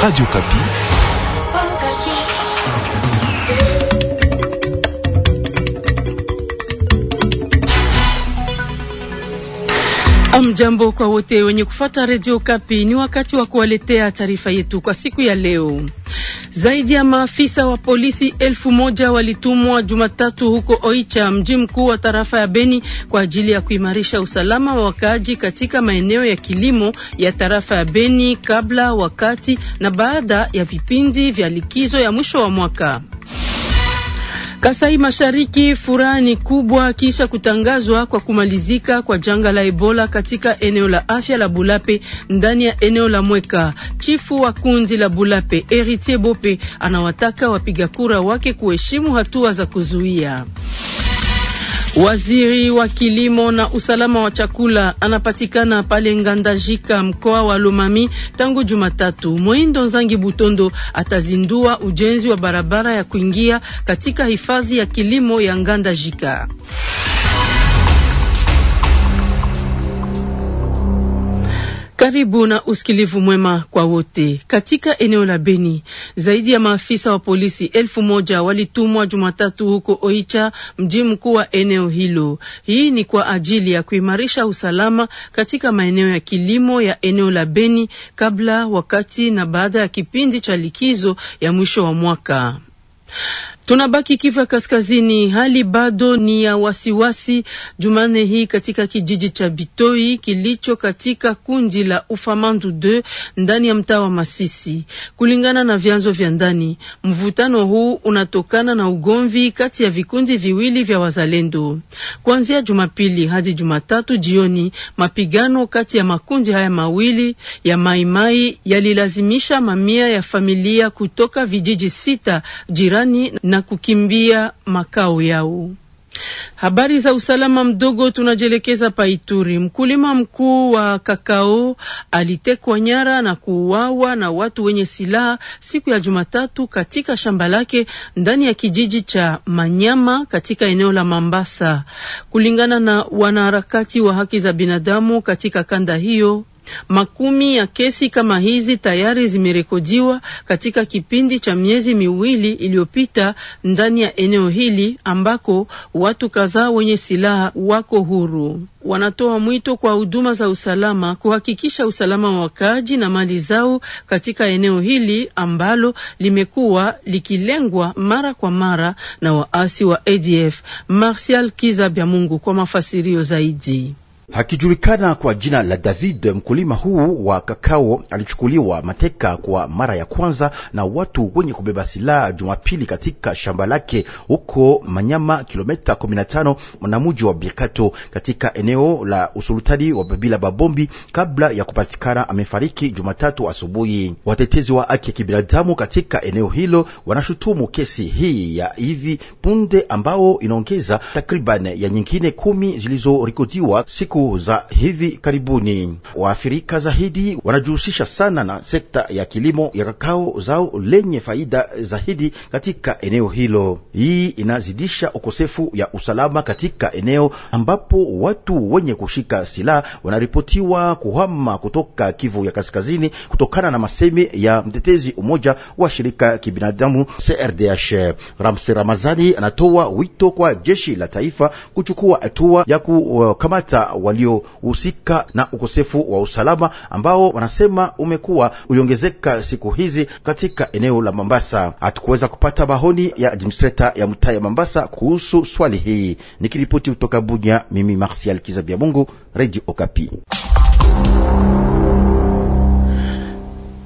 Radio Kapi. Amjambo kwa wote wenye kufata redio Kapi, ni wakati wa kuwaletea taarifa yetu kwa siku ya leo. Zaidi ya maafisa wa polisi elfu moja walitumwa Jumatatu huko Oicha, mji mkuu wa tarafa ya Beni, kwa ajili ya kuimarisha usalama wa wakaaji katika maeneo ya kilimo ya tarafa ya Beni kabla, wakati na baada ya vipindi vya likizo ya mwisho wa mwaka. Kasai Mashariki, furaha ni kubwa kisha kutangazwa kwa kumalizika kwa janga la Ebola katika eneo la afya la Bulape ndani ya eneo la Mweka. Chifu wa kundi la Bulape Eritier Bope anawataka wapiga kura wake kuheshimu hatua za kuzuia Waziri wa kilimo na usalama wa chakula anapatikana pale Ngandajika, mkoa wa Lomami tangu Jumatatu. Moindo Zangi Butondo atazindua ujenzi wa barabara ya kuingia katika hifadhi ya kilimo ya Ngandajika. Karibu na usikilivu mwema kwa wote. Katika eneo la Beni, zaidi ya maafisa wa polisi elfu moja walitumwa Jumatatu huko Oicha, mji mkuu wa eneo hilo. Hii ni kwa ajili ya kuimarisha usalama katika maeneo ya kilimo ya eneo la Beni kabla, wakati na baada ya kipindi cha likizo ya mwisho wa mwaka. Tunabaki Kivu Kaskazini, hali bado ni ya wasiwasi Jumane hii katika kijiji cha Bitoi kilicho katika kundi la Ufamandu 2 ndani ya mtaa wa Masisi. Kulingana na vyanzo vya ndani, mvutano huu unatokana na ugomvi kati ya vikundi viwili vya wazalendo. Kuanzia Jumapili hadi Jumatatu jioni, mapigano kati ya makundi haya mawili ya maimai yalilazimisha mamia ya familia kutoka vijiji sita jirani na na kukimbia makao yao. Habari za usalama mdogo tunajielekeza Paituri. Mkulima mkuu wa kakao alitekwa nyara na kuuawa na watu wenye silaha siku ya Jumatatu katika shamba lake ndani ya kijiji cha Manyama katika eneo la Mambasa, kulingana na wanaharakati wa haki za binadamu katika kanda hiyo. Makumi ya kesi kama hizi tayari zimerekodiwa katika kipindi cha miezi miwili iliyopita ndani ya eneo hili ambako watu kadhaa wenye silaha wako huru. Wanatoa mwito kwa huduma za usalama kuhakikisha usalama wa wakaaji na mali zao katika eneo hili ambalo limekuwa likilengwa mara kwa mara na waasi wa ADF. Martial Kiza Bya Mungu kwa mafasirio zaidi hakijulikana kwa jina la David. Mkulima huu wa kakao alichukuliwa mateka kwa mara ya kwanza na watu wenye kubeba silaha Jumapili katika shamba lake huko Manyama, kilomita 15 na mji wa Bikato katika eneo la usultani wa Babila Babombi, kabla ya kupatikana amefariki Jumatatu asubuhi. Watetezi wa haki ya kibinadamu katika eneo hilo wanashutumu kesi hii ya hivi punde ambao inaongeza takriban ya nyingine kumi zilizorekodiwa siku siku za hivi karibuni. Waafrika zaidi wanajihusisha sana na sekta ya kilimo ya kakao, zao lenye faida zaidi katika eneo hilo. Hii inazidisha ukosefu ya usalama katika eneo ambapo watu wenye kushika silaha wanaripotiwa kuhama kutoka Kivu ya kaskazini kutokana na masemi ya mtetezi umoja wa shirika kibinadamu CRDH Ramsi Ramazani anatoa wito kwa jeshi la taifa kuchukua hatua ya kukamata waliohusika na ukosefu wa usalama ambao wanasema umekuwa uliongezeka siku hizi katika eneo la Mambasa. Hatukuweza kupata mahoni ya administrator ya mtaa ya Mambasa kuhusu swali hii. Nikiripoti kutoka Bunya, mimi Martial Kizabia Mungu, Radio Okapi.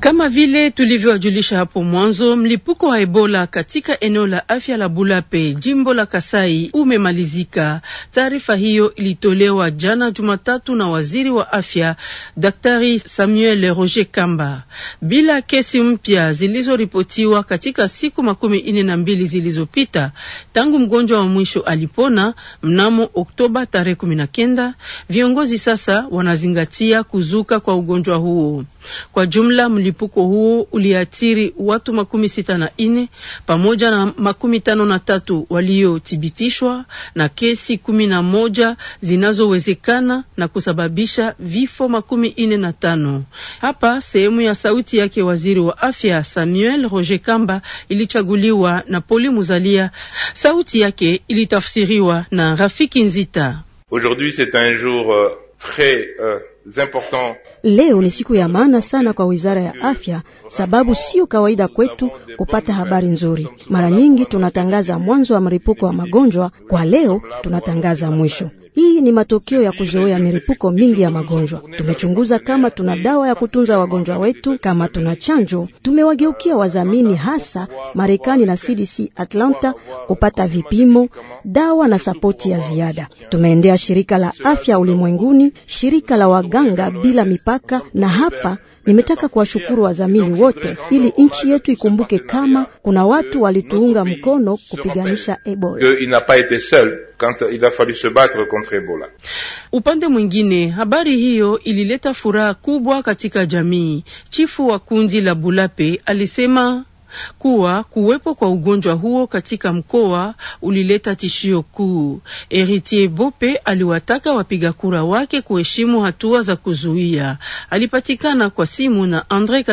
Kama vile tulivyowajulisha hapo mwanzo, mlipuko wa Ebola katika eneo la afya la Bulape, jimbo la Kasai umemalizika. Taarifa hiyo ilitolewa jana Jumatatu na waziri wa afya Daktari Samuel Roger Kamba, bila kesi mpya zilizoripotiwa katika siku makumi nne na mbili zilizopita tangu mgonjwa wa mwisho alipona mnamo Oktoba tarehe kumi na kenda. Viongozi sasa wanazingatia kuzuka kwa ugonjwa huo kwa jumla mli mlipuko huo uliathiri watu makumi sita na nne pamoja na makumi tano na tatu waliothibitishwa na kesi kumi na moja zinazowezekana na kusababisha vifo makumi nne na tano. Hapa sehemu ya sauti yake waziri wa afya Samuel Roger Kamba ilichaguliwa na Poli Muzalia. Sauti yake ilitafsiriwa na Rafiki Nzita. Aujourd'hui c'est un jour euh, très uh... Leo ni siku ya maana sana kwa wizara ya afya, sababu sio kawaida kwetu kupata habari nzuri. Mara nyingi tunatangaza mwanzo wa mlipuko wa magonjwa, kwa leo tunatangaza mwisho. Hii ni matokeo ya kuzoea milipuko mingi ya magonjwa. Tumechunguza kama tuna dawa ya kutunza wagonjwa wetu, kama tuna chanjo. Tumewageukia wadhamini, hasa Marekani na CDC Atlanta, kupata vipimo, dawa na sapoti ya ziada. Tumeendea shirika la afya ulimwenguni, shirika la waganga bila mipaka, na hapa Nimetaka kuwashukuru wadhamini wote, ili nchi yetu ikumbuke kama kuna watu walituunga mkono kupiganisha Ebola. Upande mwingine, habari hiyo ilileta furaha kubwa katika jamii. Chifu wa kundi la Bulape alisema kuwa kuwepo kwa ugonjwa huo katika mkoa ulileta tishio kuu. Eritier Bope aliwataka wapiga kura wake kuheshimu hatua za kuzuia. Alipatikana kwa simu na Andre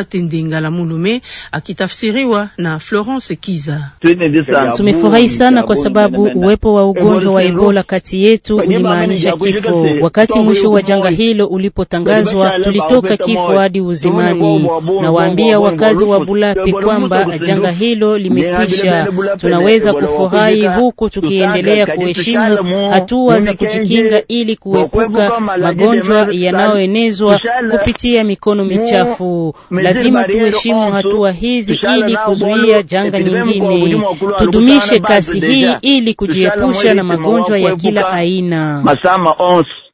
la Mulume akitafsiriwa na Florence Kiza. Tumefurahi sana kwa sababu uwepo wa ugonjwa wa Ebola kati yetu ulimaanisha kifo. Wakati mwisho wa janga hilo ulipotangazwa, tulitoka kifo hadi uzimani, Nawaambia wakazi wa Bulape kwamba janga hilo limekwisha. Tunaweza kufurahi huku tukiendelea kuheshimu hatua za kujikinga ili kuepuka magonjwa yanayoenezwa kupitia mikono michafu. Lazima tuheshimu hatua hizi ili kuzuia janga nyingine. Tudumishe kasi hii ili kujiepusha na magonjwa ya kila aina.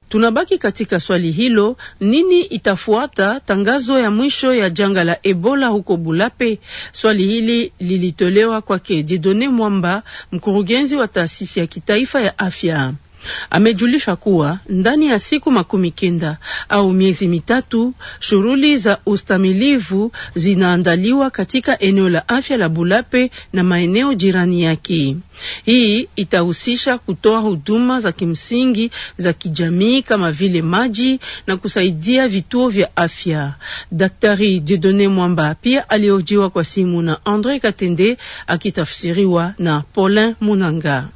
Tunabaki katika swali hilo, nini itafuata tangazo ya mwisho ya janga la Ebola huko Bulape? Swali hili lilitolewa kwake Jedone Mwamba, mkurugenzi wa taasisi ya kitaifa ya afya. Amejulisha kuwa ndani ya siku makumi kenda au miezi mitatu shughuli za ustamilivu zinaandaliwa katika eneo la afya la Bulape na maeneo jirani yake. Hii itahusisha kutoa huduma za kimsingi za kijamii kama vile maji na kusaidia vituo vya afya. Daktari Jedone Mwamba pia alihojiwa kwa simu na Andre Katende akitafsiriwa na Paulin Munanga.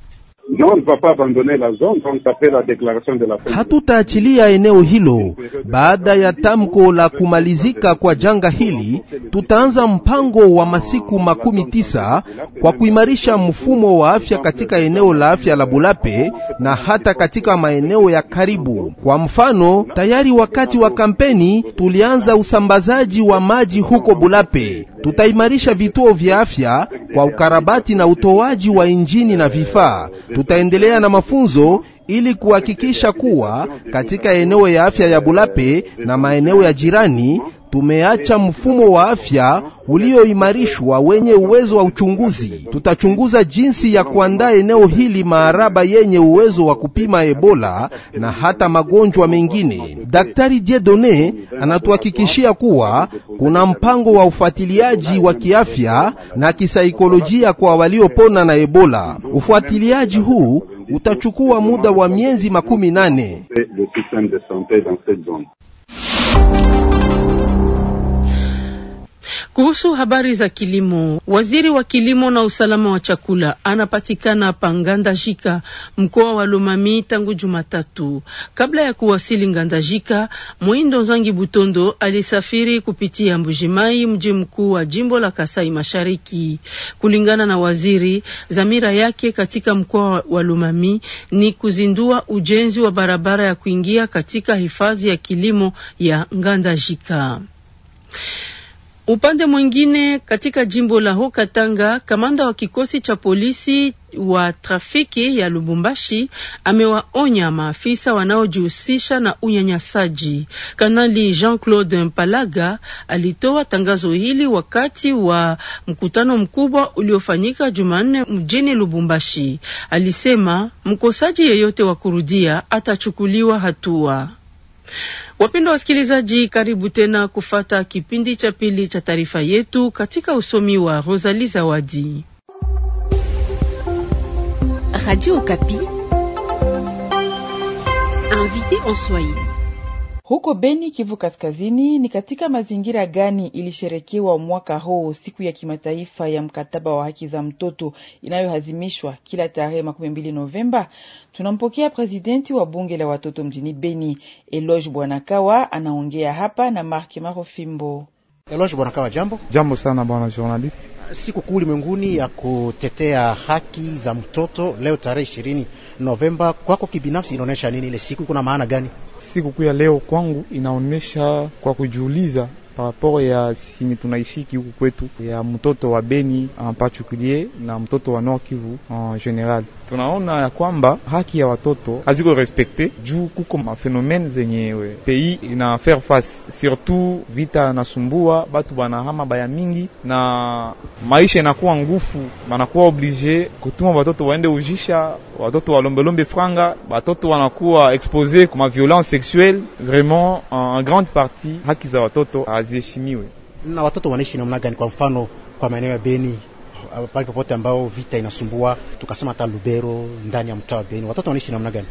Hatutaachilia eneo hilo. Baada ya tamko la kumalizika kwa janga hili, tutaanza mpango wa masiku makumi tisa kwa kuimarisha mfumo wa afya katika eneo la afya la Bulape na hata katika maeneo ya karibu. Kwa mfano, tayari wakati wa kampeni tulianza usambazaji wa maji huko Bulape. Tutaimarisha vituo vya afya kwa ukarabati na utoaji wa injini na vifaa. Tutaendelea na mafunzo ili kuhakikisha kuwa katika eneo ya afya ya Bulape na maeneo ya jirani Tumeacha mfumo wa afya ulioimarishwa wenye uwezo wa uchunguzi. Tutachunguza jinsi ya kuandaa eneo hili maaraba yenye uwezo wa kupima Ebola na hata magonjwa mengine. Daktari Jedone anatuhakikishia kuwa kuna mpango wa ufuatiliaji wa kiafya na kisaikolojia kwa waliopona na Ebola. Ufuatiliaji huu utachukua muda wa miezi makumi nane. Kuhusu habari za kilimo, waziri wa kilimo na usalama wa chakula anapatikana pa Ngandajika, mkoa wa Lomami tangu Jumatatu. Kabla ya kuwasili Ngandajika, Mwindo Zangi Butondo alisafiri kupitia Mbujimai, mji mkuu wa jimbo la Kasai Mashariki. Kulingana na waziri, dhamira yake katika mkoa wa Lomami ni kuzindua ujenzi wa barabara ya kuingia katika hifadhi ya kilimo ya Ngandajika. Upande mwingine katika jimbo la Haut Katanga, kamanda wa kikosi cha polisi wa trafiki ya Lubumbashi amewaonya maafisa wanaojihusisha na unyanyasaji. Kanali Jean-Claude Mpalaga alitoa tangazo hili wakati wa mkutano mkubwa uliofanyika Jumanne mjini Lubumbashi. Alisema mkosaji yeyote wa kurudia atachukuliwa hatua. Wapendwa wasikilizaji, karibu tena kufata kipindi cha pili cha taarifa yetu katika usomi wa Rosalie Zawadi, Radio Okapi, invité en Swahili. Huko Beni, Kivu Kaskazini, ni katika mazingira gani ilisherekewa mwaka huu siku ya kimataifa ya mkataba wa haki za mtoto inayohazimishwa kila tarehe makumi mbili Novemba? Tunampokea presidenti wa bunge la watoto mjini Beni, Eloge Bwanakawa, anaongea hapa na mark Marofimbo. Eloge Bwanakawa, jambo. Jambo sana bwana journalist. Siku kuu ulimwenguni ya kutetea haki za mtoto leo tarehe ishirini Novemba, kwako kibinafsi inaonyesha nini ile siku? Kuna maana gani? Sikukuu ya leo kwangu inaonyesha kwa kujiuliza raporo ya sini tunaishiki huku kwetu ya mtoto wa Beni en particulier na mtoto wa Nord Kivu en general tunaona ya kwamba haki ya watoto haziko respekte juu kuko mafenomene zenyewe pei ina faire face, surtout vita nasumbua batu banahama baya mingi na maisha inakuwa ngufu, banakuwa oblige kutuma watoto waende ujisha, watoto walombelombe franga, watoto wanakuwa expose kuma violence sexuelle. Vraiment en grande partie haki za watoto haziheshimiwe. Na watoto wanaishi namna gani? Kwa mfano kwa maeneo ya Beni pale popote ambao vita inasumbua, tukasema hata Lubero ndani ya mtaa wa Beni, watoto wanaishi namna gani?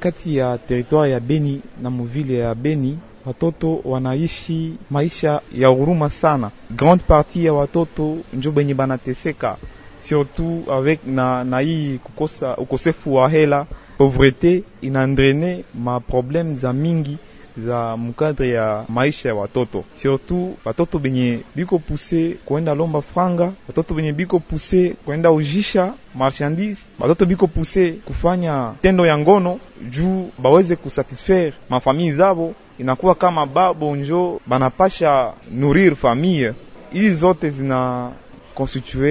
Kati ya teritwari ya Beni na muvile ya Beni watoto wanaishi maisha ya huruma sana. Grande partie ya watoto njo benye banateseka surtout avec na, na hii kukosa ukosefu wa hela, pauvreté inaandrene ma problème za mingi za mkadre ya maisha ya watoto, surtout watoto benye biko puse kwenda lomba franga, watoto benye biko puse kwenda ujisha marchandise, watoto biko puse kufanya tendo ya ngono juu baweze kusatisfaire mafamii zabo. Inakuwa kama babo njo banapasha nurir famille, hizi zote zina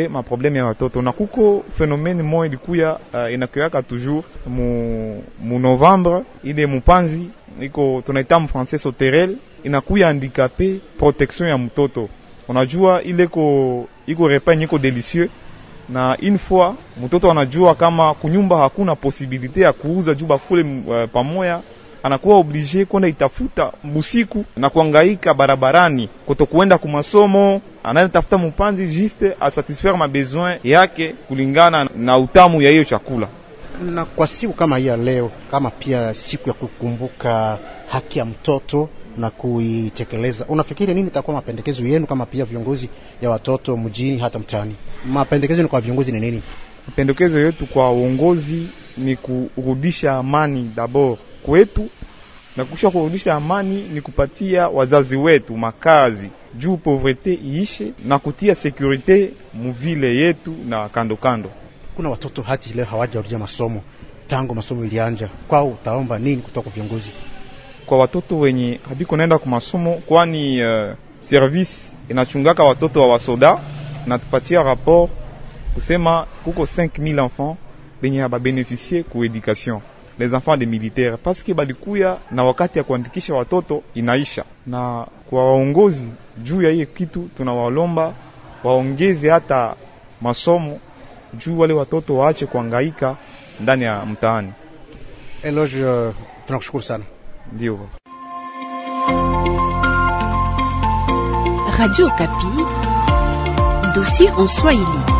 ma problème ya watoto na kuko fenomene moya ilikuya uh, inakiaka toujours mu, mu Novembre ile mupanzi iko tunaita mu français soterel inakuya handikape protection ya mtoto. Unajua ile ko iko repagne iko delicieux na une fois mtoto anajua kama kunyumba hakuna posibilite ya kuuza juba kule uh, pamoya anakuwa oblige kwenda itafuta busiku na kuangaika barabarani, kutokuenda kumasomo, anayetafuta mupanzi juste asatisfaire mabesoin yake kulingana na utamu ya hiyo chakula. Na kwa siku kama hii ya leo, kama pia siku ya kukumbuka haki ya mtoto na kuitekeleza, unafikiri nini itakuwa mapendekezo yenu kama pia viongozi ya watoto mjini hata mtaani? Mapendekezo yenu kwa viongozi ni nini? Mapendekezo yetu kwa uongozi ni kurudisha amani dabord kwetu, na kusha kurudisha amani ni kupatia wazazi wetu makazi juu povrete iishe na kutia sekurite muvile yetu na kando kando. Kuna watoto hati leo hawajarudia masomo tangu masomo ilianja kwao, utaomba nini kutoka kwa viongozi kwa watoto wenye habiko naenda kwa masomo? Kwani uh, service inachungaka watoto wa wasoda na tupatia rapport kusema kuko 5000 enfants benye bénéficier ku education les enfants de militaire que balikuya na wakati ya kuandikisha watoto inaisha. Na kwa waongozi juu ya hiyo kitu, tunawalomba waongeze hata masomo juu wale watoto waache kuangaika ndani ya mtaani. Eloge, uh, tunakushukuru sana. Ndio Radio Kapi, dossier en Swahili.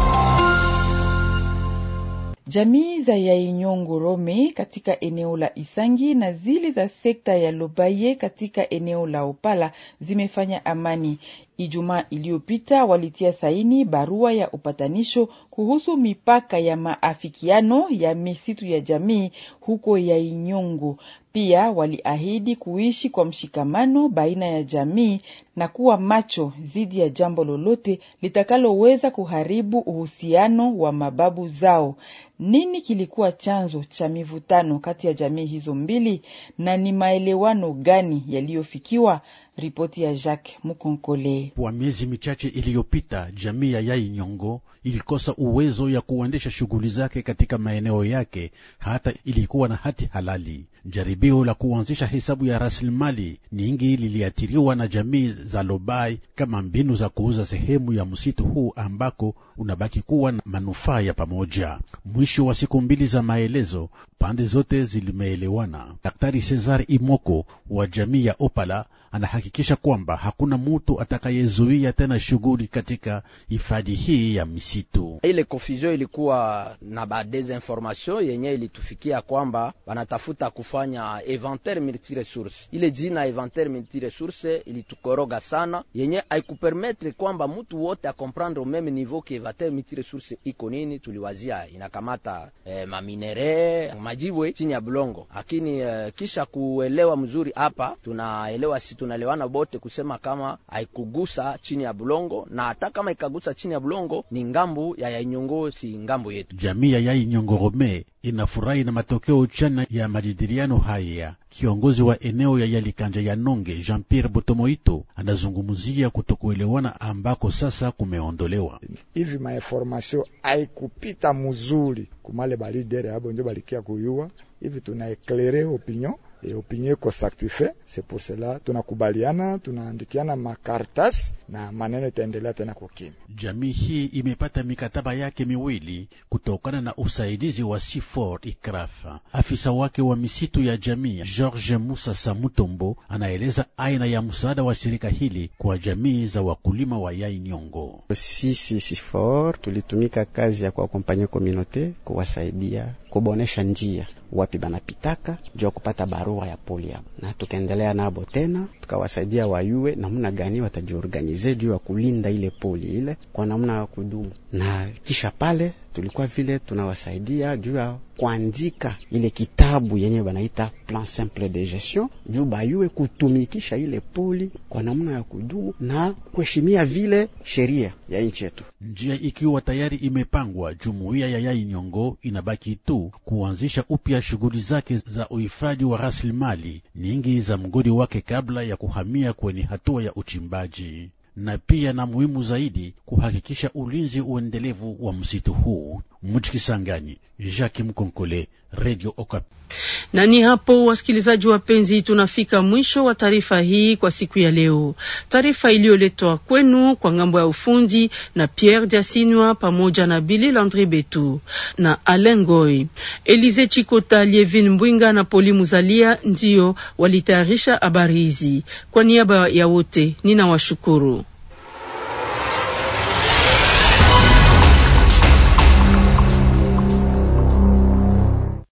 Jamii za Yainyongo Rome katika eneo la Isangi na zile za sekta ya Lobaye katika eneo la Opala zimefanya amani. Ijumaa iliyopita walitia saini barua ya upatanisho kuhusu mipaka ya maafikiano ya misitu ya jamii huko Yainyongo. Pia waliahidi kuishi kwa mshikamano baina ya jamii na kuwa macho dhidi ya jambo lolote litakaloweza kuharibu uhusiano wa mababu zao. Nini kilikuwa chanzo cha mivutano kati ya jamii hizo mbili na ni maelewano gani yaliyofikiwa? Ripoti ya Jacques Mukonkole. Kwa miezi michache iliyopita, jamii ya Yai Nyongo ilikosa uwezo ya kuendesha shughuli zake katika maeneo yake, hata ilikuwa na hati halali. Jaribio la kuanzisha hesabu ya rasilimali nyingi liliathiriwa na jamii za Lobai kama mbinu za kuuza sehemu ya msitu huu ambako unabaki kuwa na manufaa ya pamoja. Mwisho wa siku mbili za maelezo, pande zote zilimeelewana. Daktari Cesar Imoko wa jamii ya Opala anahaki kuhakikisha kwamba hakuna mutu atakayezuia tena shughuli katika hifadhi hii ya misitu. Ile confusion ilikuwa na ba desinformation yenye ilitufikia kwamba wanatafuta kufanya inventaire multiresource. Ile jina inventaire multiresource ilitukoroga sana, yenye haikupermettre kwamba mtu wote akomprendre au meme niveau que inventaire multiresource iko nini. Tuliwazia inakamata eh, maminere majibwe chini ya bulongo, lakini eh, kisha kuelewa mzuri hapa tunaelewa si tunaelewa bana bote kusema kama haikugusa chini ya bulongo, na hata kama ikagusa chini ya bulongo ni ngambu ya Yainyongo, si ngambu yetu. Jamii ya rome inafurahi na matokeo chana ya majadiliano haya. Kiongozi wa eneo ya Yalikanja ya Nonge, Jean Pierre Botomoito, anazungumzia kutokuelewana ambako sasa kumeondolewa. Hivi mainformasio aikupita mzuri kumale balidere abo ndio balikia kuyua hivi, tuna eklere opinion et opinion iko s'active. C'est pour cela tunakubaliana, tunaandikiana makartasi na maneno itaendelea tena kukimya. Jamii hii imepata mikataba yake miwili kutokana na usaidizi wa Sifor Ikrafa. Afisa wake wa misitu ya jamii George Musa Samutombo anaeleza aina ya msaada wa shirika hili kwa jamii za wakulima wa yai nyongo. Sisi Sifor tulitumika kazi ya kuakompanya komunote kuwasaidia kubonesha njia wapi banapitaka juu ya kupata barua ya poli na tukaendelea nabo tena tukawasaidia wayue namna gani watajiorganize juu ya kulinda ile poli ile kwa namna ya kudumu, na kisha pale tulikuwa vile tunawasaidia juu ya kuandika ile kitabu yenye banaita plan simple de gestion, juu bayue kutumikisha ile poli kwa namna ya kudumu na kuheshimia vile sheria ya nchi yetu. Njia ikiwa tayari imepangwa, jumuiya ya Yai Nyongo inabaki tu kuanzisha upya shughuli zake za uhifadhi wa rasilimali nyingi za mgodi wake kabla ya kuhamia kwenye hatua ya uchimbaji na pia na muhimu zaidi kuhakikisha ulinzi uendelevu wa msitu huu. Mujikisangani, Jacques Mkonkole, Radio Okapi. Na ni hapo, wasikilizaji wapenzi, tunafika mwisho wa taarifa hii kwa siku ya leo. Taarifa iliyoletwa kwenu kwa ngambo ya ufundi na Pierre Jasinwa pamoja na Billy Landri Betu na Goy, Elize Chikota, Lievin Mbwinga na Poli Muzalia ndiyo walitayarisha habari hizi. Kwa niaba ya wote ninawashukuru.